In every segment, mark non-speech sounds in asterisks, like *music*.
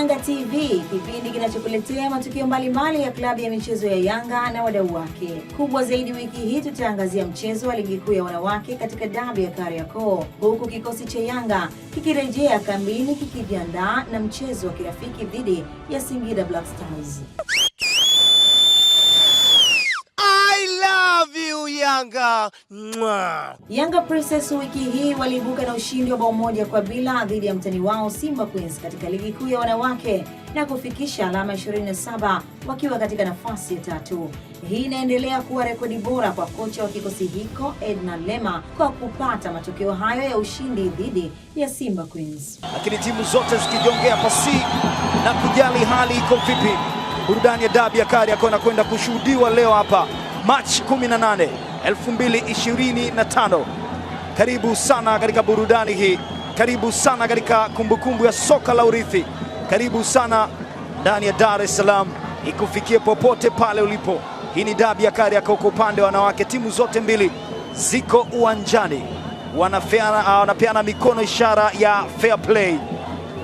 Yanga TV, kipindi kinachokuletea matukio mbalimbali ya klabu ya michezo ya Yanga na wadau wake. Kubwa zaidi wiki hii tutaangazia mchezo wa ligi kuu ya wanawake katika dabi ya Kariakoo, huku kikosi cha Yanga kikirejea kambini kikijiandaa na mchezo wa kirafiki dhidi ya Singida Black Stars. Yanga Mwa. Yanga Princess wiki hii waliibuka na ushindi wa bao moja kwa bila dhidi ya mtani wao Simba Queens katika ligi kuu ya wanawake na kufikisha alama 27 wakiwa katika nafasi ya tatu. Hii inaendelea kuwa rekodi bora kwa kocha wa kikosi hiko Edna Lema kwa kupata matokeo hayo ya ushindi dhidi ya Simba Queens. Lakini timu zote zikijongea pasi na kujali hali iko vipi. Burudani ya dabi ya Kariakoo kwenda kushuhudiwa leo hapa Machi 18. 2025. Karibu sana katika burudani hii, karibu sana katika kumbukumbu ya soka la urithi, karibu sana ndani ya Dar es Salaam, ikufikie popote pale ulipo. Hii ni dabi ya Kariakoo kwa upande wa wanawake, timu zote mbili ziko uwanjani, ah, wanapeana mikono ishara ya fair play,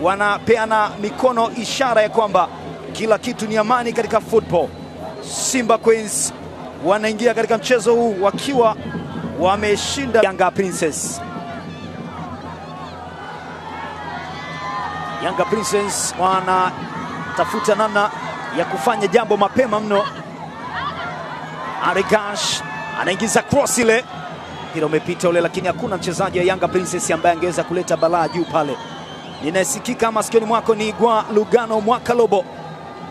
wanapeana mikono ishara ya kwamba kila kitu ni amani katika football. Simba Queens wanaingia katika mchezo huu wakiwa wameshinda Yanga Princess. Yanga Princess wanatafuta namna ya kufanya jambo mapema mno. Arigash anaingiza cross ile, mpira umepita ule, lakini hakuna mchezaji wa Yanga Princess ambaye angeweza kuleta balaa juu pale. Ninasikika masikioni mwako ni Igwa Lugano Mwakalobo.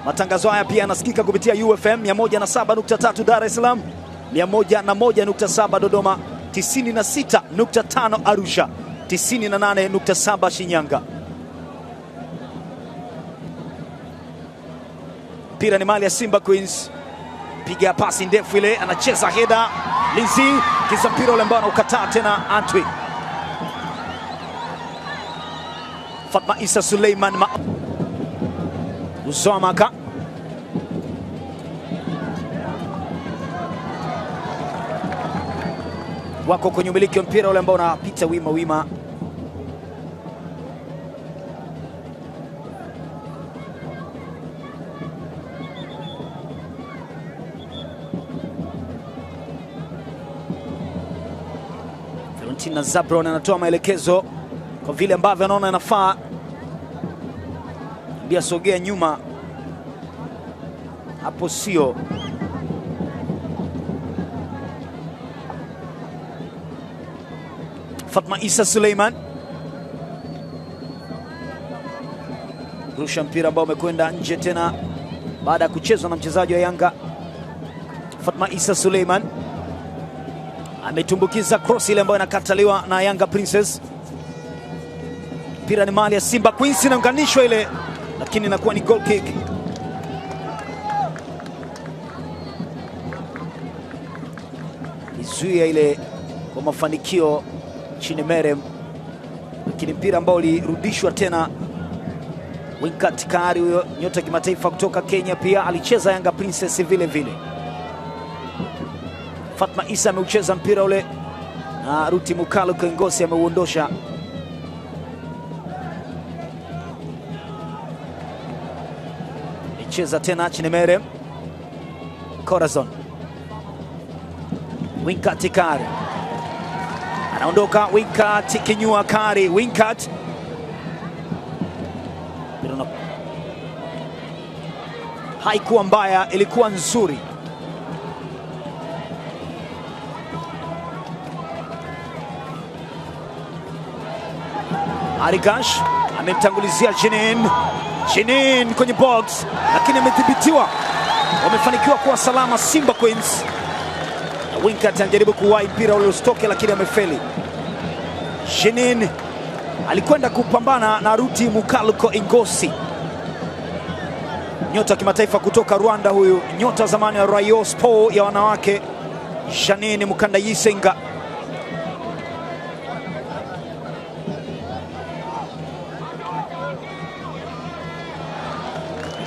Matangazo haya pia yanasikika kupitia UFM 107.3 Dar es Salaam, 101.7 Dodoma, 96.5 Arusha, 98.7 Shinyanga. Mpira ni mali ya Simba Queens, piga pasi ndefu ile, anacheza heda Lizi, kisa mpira ule ambao anaukataa tena Antwi. Fatma Isa Suleiman Uzomaka wako kwenye umiliki wa mpira ule ambao unapita wima wima. Valentina Zabron anatoa maelekezo kwa vile ambavyo anaona inafaa ambia sogea nyuma hapo, sio Fatma Isa Suleiman rusha mpira ambao umekwenda nje tena baada ya kuchezwa na mchezaji wa Yanga. Fatma Isa Suleiman ametumbukiza cross ile ambayo inakataliwa na Yanga Princess. Mpira ni mali ya Simba Queens, inaunganishwa ile, lakini inakuwa ni goal kick. Izuia ile kwa mafanikio nchini Merem, lakini mpira ambao ulirudishwa tena. Winkat Kari, huyo nyota kimataifa kutoka Kenya, pia alicheza Yanga Princess vile vile. Fatma Isa ameucheza mpira ule na Ruti Mukalu Kengosi ameuondosha. Cheza tena chinemere Merem, Corazon Winkat Kari anaondoka Winkat kinyua kari. Winkat haikuwa mbaya, ilikuwa nzuri. arigash amemtangulizia Jinin. Jinin kwenye box, lakini amedhibitiwa. Wamefanikiwa kuwa salama Simba Queens. Winkat anajaribu kuwahi mpira ule usitoke, lakini amefeli. Jenin alikwenda kupambana na Ruti Mukaluko Ingosi, nyota wa kimataifa kutoka Rwanda, huyu nyota zamani ya Rayon Sports ya wanawake, Jeanine Mukandayisenga.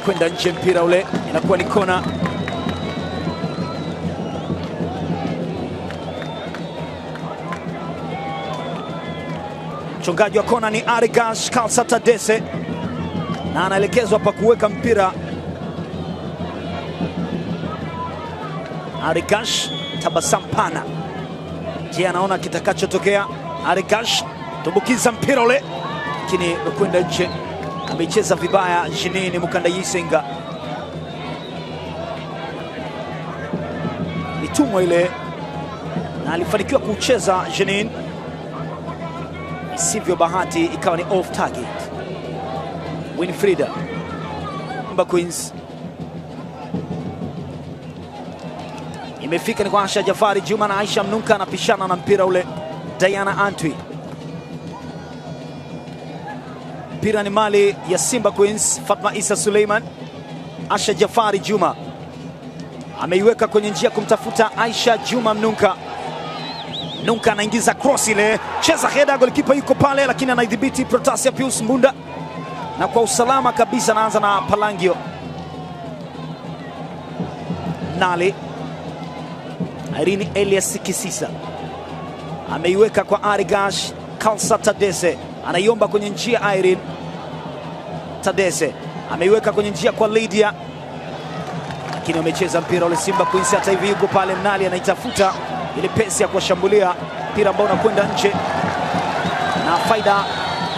Kwenda nje mpira ule, inakuwa ni kona. Mchungaji wa kona ni Arigash Kalsatadese na anaelekezwa pa kuweka mpira. Arigash tabasamu pana, je, anaona kitakachotokea. Arigash tumbukiza mpira ule, lakini umekwenda nje. Amecheza vibaya Jinini Mukandayisenga, itumwa ile na alifanikiwa kuucheza Jinini sivyo bahati ikawa ni off target. Winfrida Mba Queens imefika ni kwa Asha Jafari Juma na Aisha Mnunka anapishana na mpira ule. Diana Antwi, mpira ni mali ya Simba Queens. Fatma Isa Suleiman, Asha Jafari Juma ameiweka kwenye njia kumtafuta Aisha Juma Mnunka nunka anaingiza cross ile, cheza header, goalkeeper yuko pale, lakini anaidhibiti Protasia Pius Mbunda, na kwa usalama kabisa anaanza na Palangio Nali. Irene Elias Kisisa ameiweka kwa Arigash Kalsa Tadese, anaiomba kwenye njia Irene Tadese ameiweka kwenye njia kwa Lydia, lakini wamecheza mpira ule. Simba Queens hata hivi yuko pale, Mnali anaitafuta ile pesi ya kuwashambulia mpira ambao unakwenda nje na faida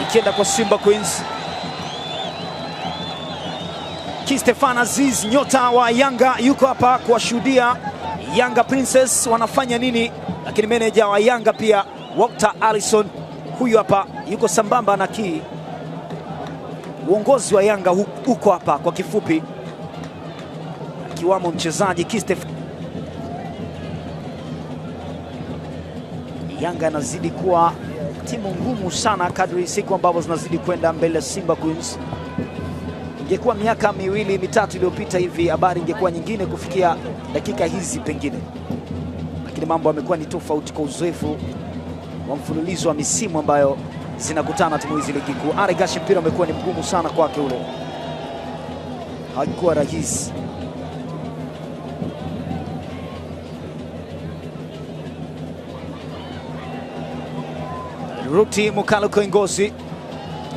ikienda kwa Simba Queens. Stefan Aziz nyota wa Yanga yuko hapa kuwashuhudia Yanga Princess wanafanya nini, lakini meneja wa Yanga pia Walter Allison huyu hapa yuko sambamba na ki Uongozi wa Yanga uko hapa kwa kifupi, akiwamo mchezaji Stefan Yanga inazidi kuwa timu ngumu sana kadri siku ambavyo zinazidi kwenda mbele ya Simba Queens. Ingekuwa miaka miwili mitatu iliyopita hivi, habari ingekuwa nyingine kufikia dakika hizi pengine, lakini mambo yamekuwa ni tofauti kwa uzoefu wa mfululizo wa misimu ambayo zinakutana timu hizi ligi kuu. Ari Gashi mpira umekuwa ni mgumu sana kwake, ule haikuwa rahisi Ruti Mukalo Koingozi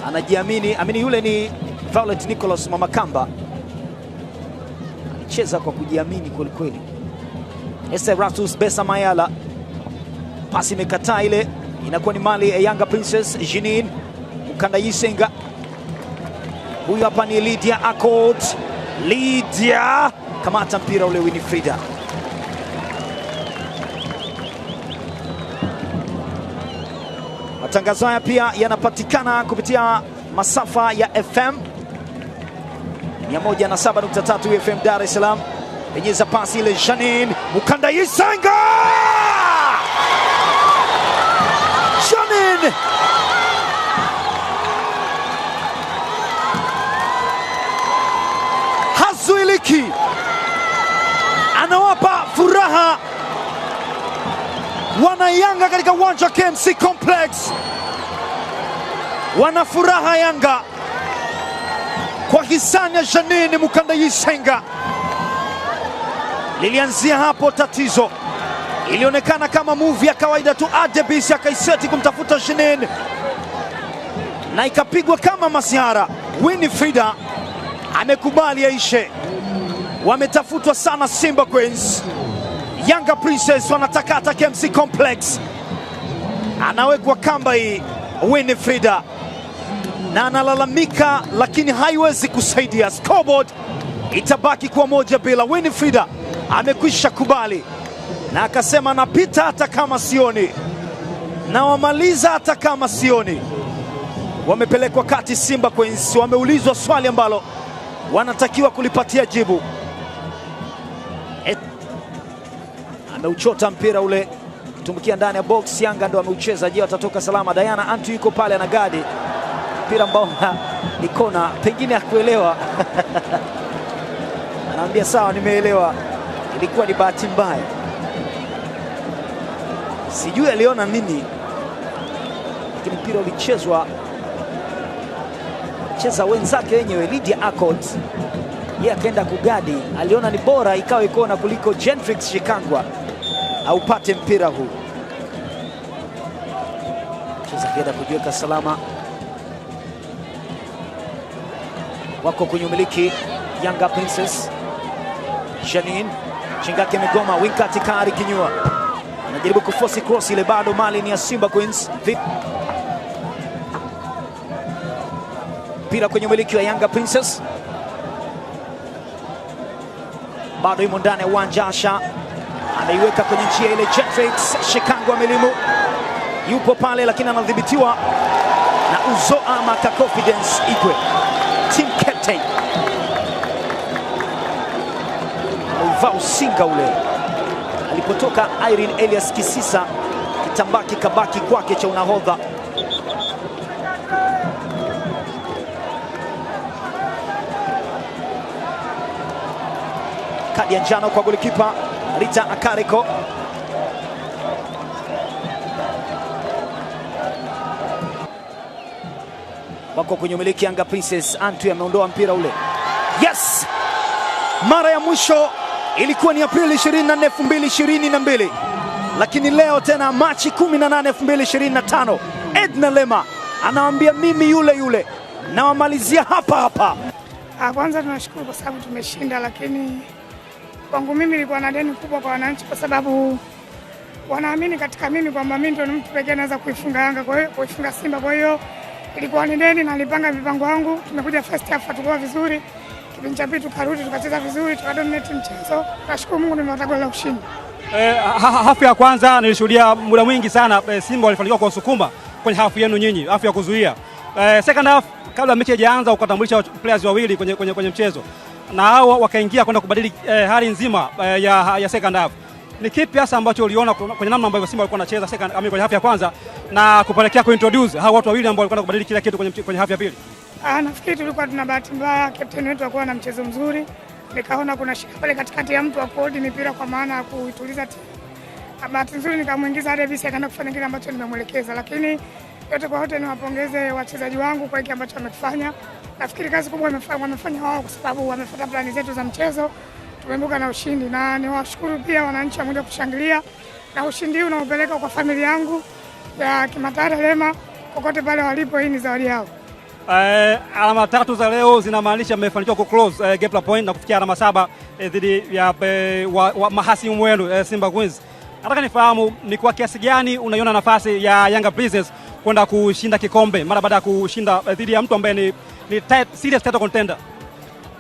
anajiamini, amini yule ni Violet Nicholas Mamakamba, alicheza kwa kujiamini kwelikweli. Eseratus Besa Mayala, pasi imekataa ile, inakuwa ni mali ya Yanga Princess. Jinin Mukanda Yisenga, huyu hapa ni Lydia Akot. Lydia, kamata mpira ule, Winifrida Matangazo haya pia yanapatikana kupitia masafa ya FM 107.3 FM Dar es Salaam. Penyeza pasi ile, Janine Mukanda Isanga, Janine hazuiliki, anawapa furaha wana yanga katika uwanja wa KMC Complex wana furaha Yanga kwa hisani ya Janini Mukandayisenga. Lilianzia hapo tatizo, ilionekana kama muvi ya kawaida tu, Adebis akaiseti kumtafuta Janini na ikapigwa kama masihara. Winifrida amekubali aishe. Wametafutwa sana Simba Queens. Yanga Princess wanataka atake KMC Complex, anawekwa kamba hii Winifrida na analalamika, lakini haiwezi kusaidia. Scoreboard itabaki kwa moja bila. Winifrida amekwisha kubali na akasema anapita hata kama sioni na wamaliza hata kama sioni. Wamepelekwa kati Simba Queens, wameulizwa swali ambalo wanatakiwa kulipatia jibu. ameuchota mpira ule tumbukia ndani ya box. Yanga ndo ameucheza. Je, watatoka salama? Diana Antu yuko pale gadi mpira ambao ni kona, pengine kuelewa *laughs* anaambia sawa, nimeelewa, ilikuwa ni bahati mbaya. Sijui aliona nini, lakini mpira ulichezwa cheza wenzake wenyewe. Lydia Akot yeye akaenda kugadi, aliona ni bora ikawa ikona kuliko Gentrix Shikangwa aupate mpira huu. Cheza kienda kujiweka salama, wako kwenye umiliki Yanga Princess. Janine Shingaki amegoma, Winkati Kari kinyua, anajaribu kuforce cross ile, bado mali ni ya Simba Queens. Mpira kwenye umiliki wa Yanga Princess, bado imo ndani ya uwanja Asha Anaiweka kwenye njia ile Jeffrey Shikango amelimu, yupo pale lakini anadhibitiwa na Uzo ka Confidence ikwe team captain, auvaa usinga ule alipotoka Irene Elias Kisisa, kitambaa kikabaki kwake cha unahodha. Kadi ya njano kwa golikipa Narita Akariko. Wako kwenye umiliki Yanga Princess. antu ameondoa mpira ule. Yes! Mara ya mwisho ilikuwa ni Aprili 24, 2022. Lakini leo tena Machi 18, 2025. Edna Lema anawaambia mimi yule yule nawamalizia hapa hapa. Ah, kwanza tunashukuru kwa sababu tumeshinda, lakini kwangu mimi ilikuwa na deni kubwa kwa wananchi, kwa sababu wanaamini katika mimi kwamba mimi ndio mtu pekee naweza kuifunga Yanga, kwa hiyo kuifunga Simba. Kwa hiyo ilikuwa ni deni na nilipanga mipango yangu. Tumekuja first half hatukuwa vizuri, kipindi cha pili tukarudi tukacheza vizuri, tukadominate mchezo. Nashukuru Mungu nimepata goli la ushindi. Eh, hafu ya kwanza nilishuhudia muda mwingi sana e, Simba walifanikiwa kwa usukuma kwenye hafu yenu nyinyi, hafu ya kuzuia. Eh, second half kabla mechi haijaanza ukatambulisha players wawili kwenye, kwenye, kwenye mchezo na hao wakaingia kwenda kubadili eh, hali nzima eh, ya, ya second half. Ni kipi hasa ambacho uliona kwenye namna ambayo Simba walikuwa wanacheza second I kwenye half ya kwanza na kupelekea kuintroduce hao watu wawili ambao walikuwa kubadili kila kitu kwenye, kwenye half ya pili? Ah, nafikiri tulikuwa tuna bahati mbaya, captain wetu alikuwa na mchezo mzuri, nikaona kuna shika pale katikati ya mtu wa kuhold mipira kwa maana ya kuituliza timu. Ah, bahati nzuri nikamuingiza hadi bisi akaenda kufanya kile ambacho nimemwelekeza, lakini yote kwa yote niwapongeze wachezaji wangu kwa kile ambacho wamekifanya. Nafikiri kazi kubwa wamefanya wao, kwa sababu wamefuata plani zetu za mchezo, tumeibuka na ushindi, na niwashukuru pia wananchi wamoja kushangilia na ushindi huu unaopeleka kwa familia yangu ya Kimatare Lema, kokote pale walipo, hii ni zawadi yao. Uh, alama tatu za leo zinamaanisha mmefanikiwa ku close uh, gap la point na kufikia alama saba eh, dhidi uh, ya uh, mahasimu wenu uh, Simba Queens. Nataka nifahamu ni kwa kiasi gani unaiona nafasi ya Yanga Princess kwenda kushinda kikombe mara baada ya kushinda eh, dhidi ya mtu ambaye ni, ni tight, serious title contender?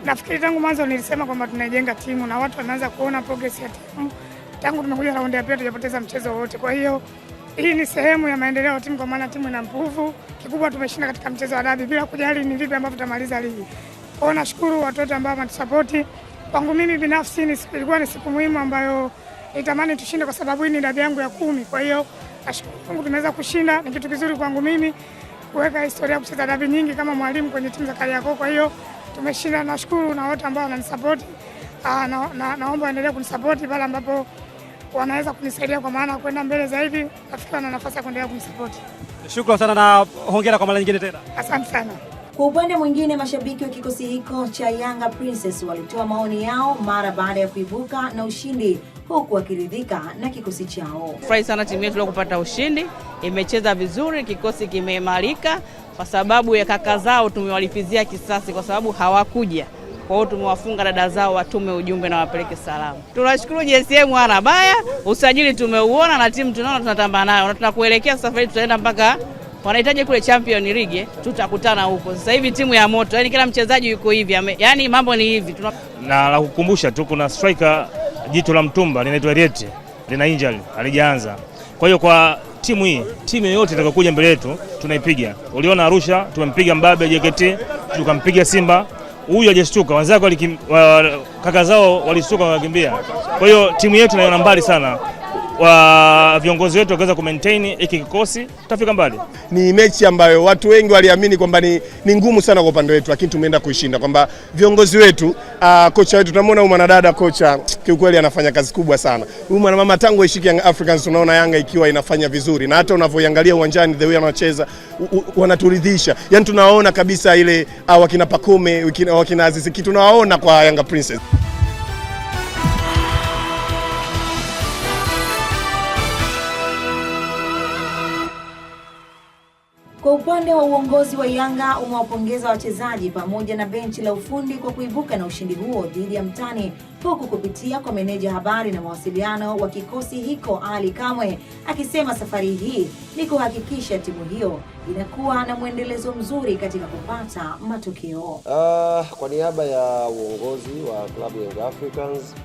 Nafikiri tangu mwanzo nilisema kwamba tunaijenga timu na watu wanaanza kuona progress ya timu tangu tumekuja raundi ya pili, tujapoteza mchezo wote. Kwa hiyo hii ni sehemu ya maendeleo ya timu, kwa maana timu ina nguvu. Kikubwa tumeshinda katika mchezo wa dabi bila kujali ni vipi ambavyo tutamaliza ligi. Kwa hiyo nashukuru watu wote ambao wametusapoti. Kwangu mimi binafsi ilikuwa ni siku muhimu ambayo nitamani tushinde, kwa sababu hii ni dabi yangu ya kumi. Kwa hiyo Mungu tumeweza kushinda, ni kitu kizuri kwangu mimi kuweka historia kucheza dabi nyingi kama mwalimu kwenye timu za Kariakoo. Kwa hiyo tumeshinda, nashukuru na wote ambao wananisapoti ah, na, na, naomba waendelee kunisapoti pale ambapo wanaweza kunisaidia kwa maana kwenda mbele zaidi, nafikiri na nafasi ya kuendelea kunisapoti. Shukrani sana na hongera kwa mara nyingine tena, asante sana. Kwa upande mwingine, mashabiki wa kikosi hiko cha Yanga Princess walitoa maoni yao mara baada ya kuibuka na ushindi huku wakiridhika na kikosi chao. Furahi sana timu yetu kupata ushindi, imecheza vizuri, kikosi kimeimarika kwa sababu ya kaka zao tumewalipizia kisasi, kwa sababu hawakuja. Kwa hiyo tumewafunga dada zao, watume ujumbe na wapeleke salamu. Tunashukuru JSM ana baya, usajili tumeuona na timu tunaona, tunatamba nayo na tunakuelekea safari, tutaenda mpaka wanahitaji kule Champion League, tutakutana huko. Sasa hivi timu ya moto, yani kila mchezaji yuko hivi, yani mambo ni hivi. Tuna... na la kukumbusha tu kuna striker jitu la mtumba linaitwa Rieti, lina injury alijaanza. Kwa hiyo kwa timu hii, timu yoyote itakayokuja mbele yetu tunaipiga. Uliona Arusha tumempiga Mbabe JKT, tukampiga Simba. Huyu hajashtuka, wenzake kaka zao walistuka wakakimbia. Kwa hiyo timu yetu naiona mbali sana wa viongozi wetu wakiweza kumaintain hiki kikosi tutafika mbali. Ni mechi ambayo watu wengi waliamini kwamba ni, ni ngumu sana kwa upande wetu, lakini tumeenda kuishinda kwamba viongozi wetu uh, kocha wetu tunamwona huyu mwanadada kocha kiukweli anafanya kazi kubwa sana. Huyu mwanamama tangu aishike Young Africans tunaona Yanga ikiwa inafanya vizuri na hata unavyoiangalia uwanjani the way wanacheza wanaturidhisha. yani tunaona kabisa ile uh, wakina Pakome wakina Azizi kitu tunawaona kwa Yanga Princess. Kwa upande wa uongozi wa Yanga umewapongeza wachezaji pamoja na benchi la ufundi kwa kuibuka na ushindi huo dhidi ya mtani, huku kupitia kwa meneja habari na mawasiliano wa kikosi hiko Ali Kamwe akisema safari hii ni kuhakikisha timu hiyo inakuwa na mwendelezo mzuri katika kupata matokeo. Uh, kwa niaba ya uongozi wa klabu Young Africans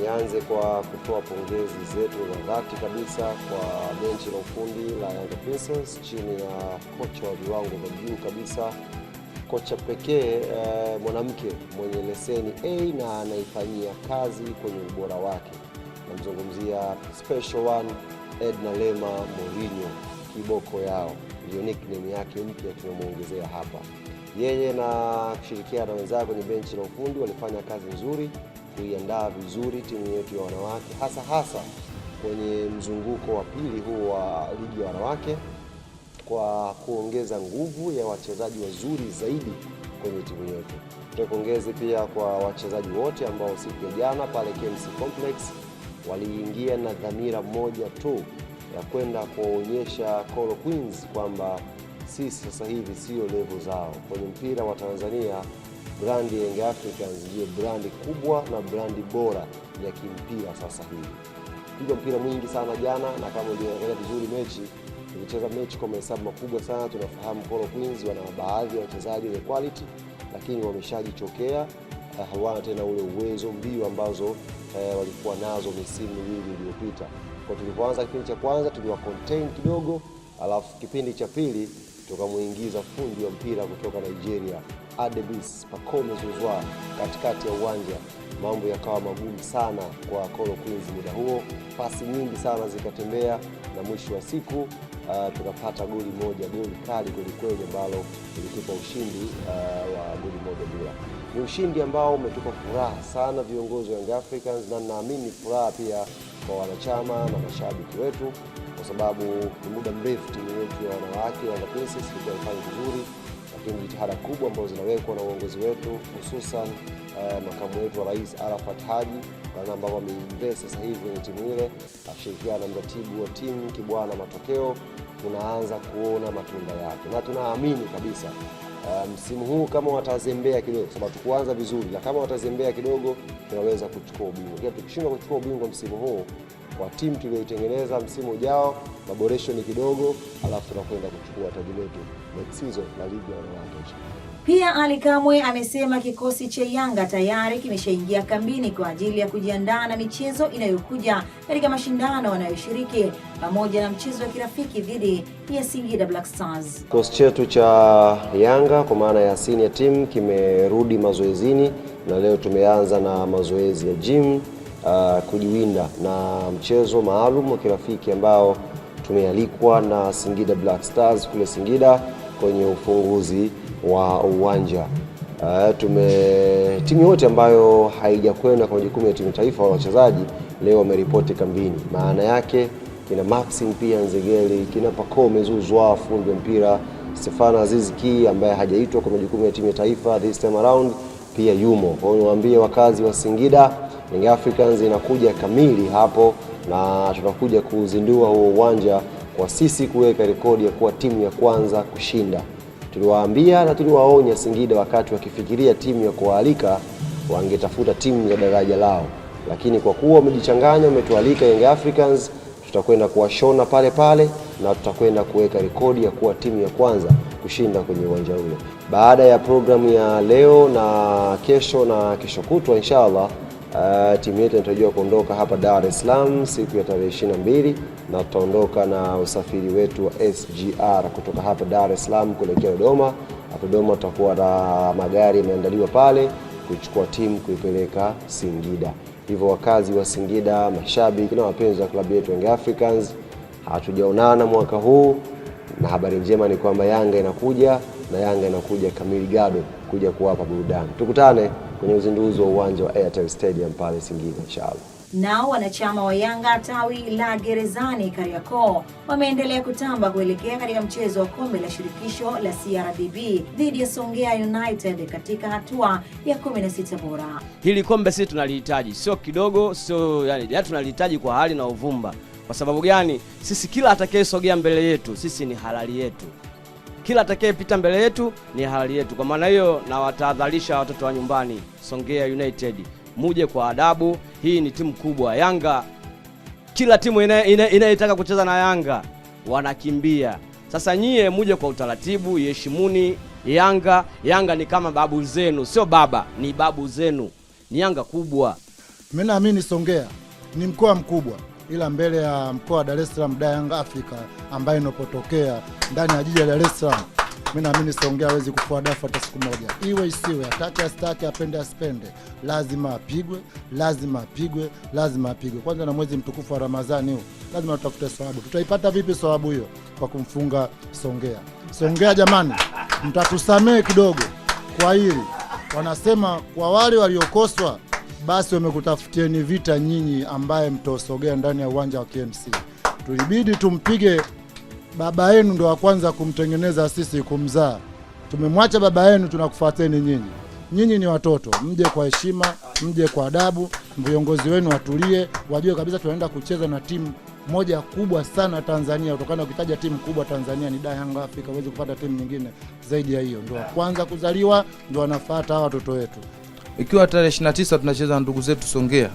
nianze kwa kutoa pongezi zetu za dhati kabisa kwa benchi la ufundi la Yanga Princess chini ya kocha wa viwango vya juu kabisa, kocha pekee e, mwanamke mwenye leseni A na anaifanyia kazi kwenye ubora wake. Namzungumzia special one Edna Lema Mourinho, kiboko yao ndio nickname yake mpya tunamuongezea hapa. Yeye na kushirikiana na wenzao kwenye benchi la ufundi walifanya kazi nzuri kuiandaa vizuri timu yetu ya wanawake, hasa hasa kwenye mzunguko wa pili huu wa ligi ya wanawake kwa kuongeza nguvu ya wachezaji wazuri zaidi kwenye timu yetu. Tupongeze pia kwa wachezaji wote ambao siku ya jana pale KMC Complex waliingia na dhamira moja tu ya kwenda kuwaonyesha Coral Queens kwamba sisi sasa hivi sio levo zao kwenye mpira wa Tanzania brandi ya Young Africans ndiyo brandi kubwa na brandi bora ya kimpira sasa hivi. Pigwa mpira mwingi sana jana, na kama uliangalia vizuri mechi, tulicheza mechi kwa mahesabu makubwa sana. Tunafahamu Kolo Queens wana baadhi ya wachezaji wenye quality, lakini wameshajichokea, eh, hawana tena ule uwezo, mbio ambazo eh, walikuwa nazo misimu miwili iliyopita. Kwa tulipoanza kipindi cha kwanza tuliwa contain kidogo, alafu kipindi cha pili tukamuingiza fundi wa mpira kutoka Nigeria Adebis Pacome Zouzoua katikati ya uwanja, mambo yakawa magumu sana kwa Kolo Queens muda huo, pasi nyingi sana zikatembea na mwisho wa siku uh, tukapata goli moja, goli kali kwelikweli ambalo ilitupa ushindi uh, wa goli moja bila. Ni ushindi ambao umetupa furaha sana viongozi wa Young Africans, na naamini furaha pia kwa wanachama na mashabiki wetu, kwa sababu ni muda mrefu timu yetu ya wanawake Yanga Princess ilikuwa ifanya vizuri lakini jitihada kubwa ambazo zinawekwa na uongozi wetu hususan uh, makamu wetu wa rais Arafat Haji na ambao ameinvest sasa hivi kwenye timu ile, akishirikiana na mratibu wa timu Kibwana Matokeo, tunaanza kuona matunda yake na tunaamini kabisa Eh, msimu um, huu kama watazembea kidogo, kwa sababu tukuanza vizuri, na kama watazembea kidogo, tunaweza kuchukua ubingwa. Kila tukishindwa kuchukua ubingwa msimu huu kwa timu tuliyoitengeneza, msimu ujao maboresho ni kidogo, alafu tunakwenda kuchukua taji letu next season la ligi ya wanawake. Pia Ali Kamwe amesema kikosi cha Yanga tayari kimeshaingia kambini kwa ajili ya kujiandaa na michezo inayokuja katika mashindano wanayoshiriki pamoja na mchezo wa kirafiki dhidi ya Singida Black Stars. Kikosi chetu cha Yanga kwa maana ya senior team kimerudi mazoezini na leo tumeanza na mazoezi ya gym uh, kujiwinda na mchezo maalum wa kirafiki ambao tumealikwa na Singida Black Stars kule Singida kwenye ufunguzi wa uwanja. Uh, tume timu yote ambayo haijakwenda kwa majukumu ya timu taifa wa wachezaji leo wameripoti kambini. Maana yake kina Maxim pia Nzegeli, kina Pacome Zouzoua fundi wa mpira, Stefano Aziz Ki ambaye hajaitwa kwa majukumu ya timu ya taifa this time around pia yumo. Kwa hiyo niwaambie wakazi wa Singida, Young Africans inakuja kamili hapo na tunakuja kuzindua huo uwanja kwa sisi kuweka rekodi ya kuwa timu ya kwanza kushinda Tuliwaambia na tuliwaonya Singida wakati wakifikiria timu ya kuwaalika wangetafuta timu za daraja lao, lakini kwa kuwa wamejichanganya, wametualika Young Africans, tutakwenda kuwashona pale pale na tutakwenda kuweka rekodi ya kuwa timu ya kwanza kushinda kwenye uwanja ule. Baada ya programu ya leo na kesho na kesho kutwa inshallah Ah, timu yetu inatarajiwa kuondoka hapa Dar es Salaam siku ya tarehe 22 na tutaondoka na usafiri wetu wa SGR kutoka hapa Dar es Salaam kuelekea Dodoma. Dodoma tutakuwa na magari yameandaliwa pale kuchukua timu kuipeleka Singida. Hivyo wakazi wa Singida, mashabiki na wapenzi wa klabu yetu Young Africans, hatujaonana mwaka huu, na habari njema ni kwamba Yanga inakuja na Yanga inakuja kamili gado kuja kuwapa burudani. Tukutane kwenye uzinduzi wa uwanja wa Airtel Stadium pale Singida inshallah. Nao wanachama wa Yanga tawi la Gerezani Kariakoo wameendelea kutamba kuelekea katika mchezo wa kombe la shirikisho la CRDB dhidi ya Songea United katika hatua ya 16 bora. Hili kombe sisi tunalihitaji, sio kidogo, sio yani, ya tunalihitaji kwa hali na uvumba. Kwa sababu gani? Sisi kila atakayesogea mbele yetu sisi ni halali yetu kila atakayepita mbele yetu ni hali yetu. Kwa maana hiyo, na watahadharisha watoto wa nyumbani, Songea United muje kwa adabu. Hii ni timu kubwa. Yanga, kila timu inayetaka kucheza na Yanga wanakimbia. Sasa nyie muje kwa utaratibu, iheshimuni Yanga. Yanga ni kama babu zenu, sio baba, ni babu zenu. Ni Yanga kubwa. Mimi naamini Songea ni mkoa mkubwa ila mbele ya mkoa wa Dar es Salaam Dayang Africa ambayo inapotokea ndani ya jiji la Dar es Salaam, mimi naamini Songea hawezi kufua dafu hata siku moja, iwe isiwe, atake astake, apende asipende, lazima apigwe, lazima apigwe, lazima apigwe. Kwanza na mwezi mtukufu wa Ramadhani huu lazima tutafute sawabu. Tutaipata vipi sababu hiyo? Kwa kumfunga Songea. Songea jamani, mtatusamehe kidogo kwa hili. Wanasema kwa wale waliokoswa basi wamekutafutieni vita nyinyi, ambaye mtosogea ndani ya uwanja wa KMC. Tulibidi tumpige baba yenu, ndo wa kwanza kumtengeneza sisi, kumzaa. Tumemwacha baba yenu, tunakufuateni nyinyi. Nyinyi ni watoto, mje kwa heshima, mje kwa adabu, viongozi wenu watulie, wajue kabisa tunaenda kucheza na timu moja kubwa sana Tanzania. Kutokana ukitaja timu kubwa Tanzania ni Yanga Afrika, huwezi kupata timu nyingine zaidi ya hiyo. Ndio wa kwanza kuzaliwa, ndio wanafuata hawa watoto wetu. Ikiwa tarehe 29 tunacheza na ndugu zetu Songea,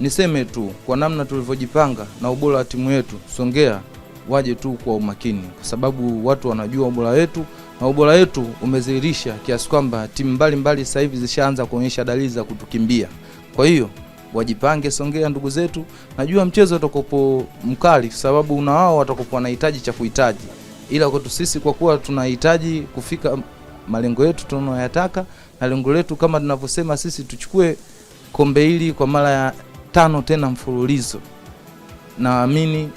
niseme tu kwa namna tulivyojipanga na ubora wa timu yetu Songea, waje tu kwa umakini, kwa sababu watu wanajua ubora wetu na ubora wetu umedhihirisha kiasi kwamba timu mbalimbali sasa hivi zishaanza kuonyesha dalili za kutukimbia. Kwa hiyo wajipange Songea, ndugu zetu, najua mchezo utakopo mkali, sababu na wao watakopo wanahitaji cha kuhitaji, ila kwetu sisi kwa kuwa tunahitaji kufika malengo yetu tunayoyataka na lengo letu kama tunavyosema sisi tuchukue kombe hili kwa mara ya tano tena mfululizo, naamini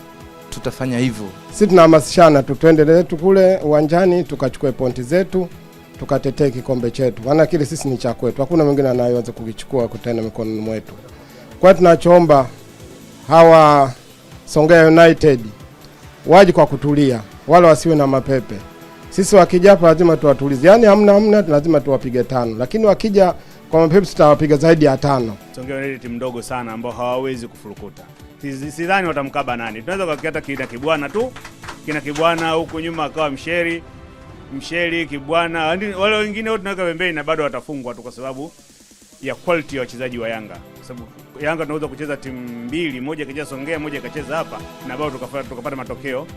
tutafanya hivyo. Sisi tunahamasishana tu, tuendelee tu kule uwanjani tukachukue pointi zetu tukatetee kikombe chetu, maana kile sisi ni cha kwetu, hakuna mwingine anayeweza kukichukua kutenda mikononi mwetu. Kwa hiyo tunachoomba hawa Songea United waje kwa kutulia, wala wasiwe na mapepe. Sisi wakija hapa lazima tuwatulize, yaani hamna hamna, lazima tuwapige tano, lakini wakija kwa mapepo tutawapiga zaidi ya tano. Songea ni timu ndogo sana ambao hawawezi kufurukuta, sidhani watamkaba nani. Tunaweza kukata kina Kibwana tu, kina Kibwana huku nyuma akawa msheri msheri Kibwana, yaani wale wengine wote tunaweka pembeni na bado watafungwa tu kwa sababu ya quality ya wachezaji wa Yanga, kwa sababu Yanga tunaweza kucheza timu mbili, moja ikacheza Songea, moja ikacheza hapa, na bado tukapata matokeo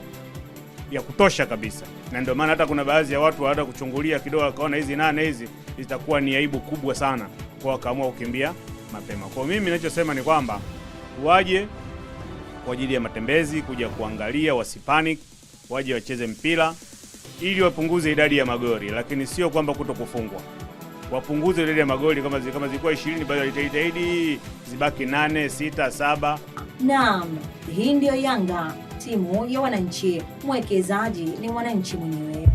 ya kutosha kabisa, na ndio maana hata kuna baadhi ya watu hata kuchungulia kidogo, wakaona hizi nane hizi zitakuwa ni aibu kubwa sana kwa, wakaamua kukimbia mapema. Kwa mimi ninachosema ni kwamba waje kwa ajili ya matembezi, kuja kuangalia, wasipanic, waje wacheze mpira ili wapunguze idadi ya magori lakini sio kwamba kuto kufungwa wapunguze idadi ya magori Kama zilikuwa kama ishirini, bado wajitahidi zibaki nane, sita, saba. Naam, hii ndiyo Yanga timu ya wananchi. Mwekezaji ni mwananchi mwenyewe.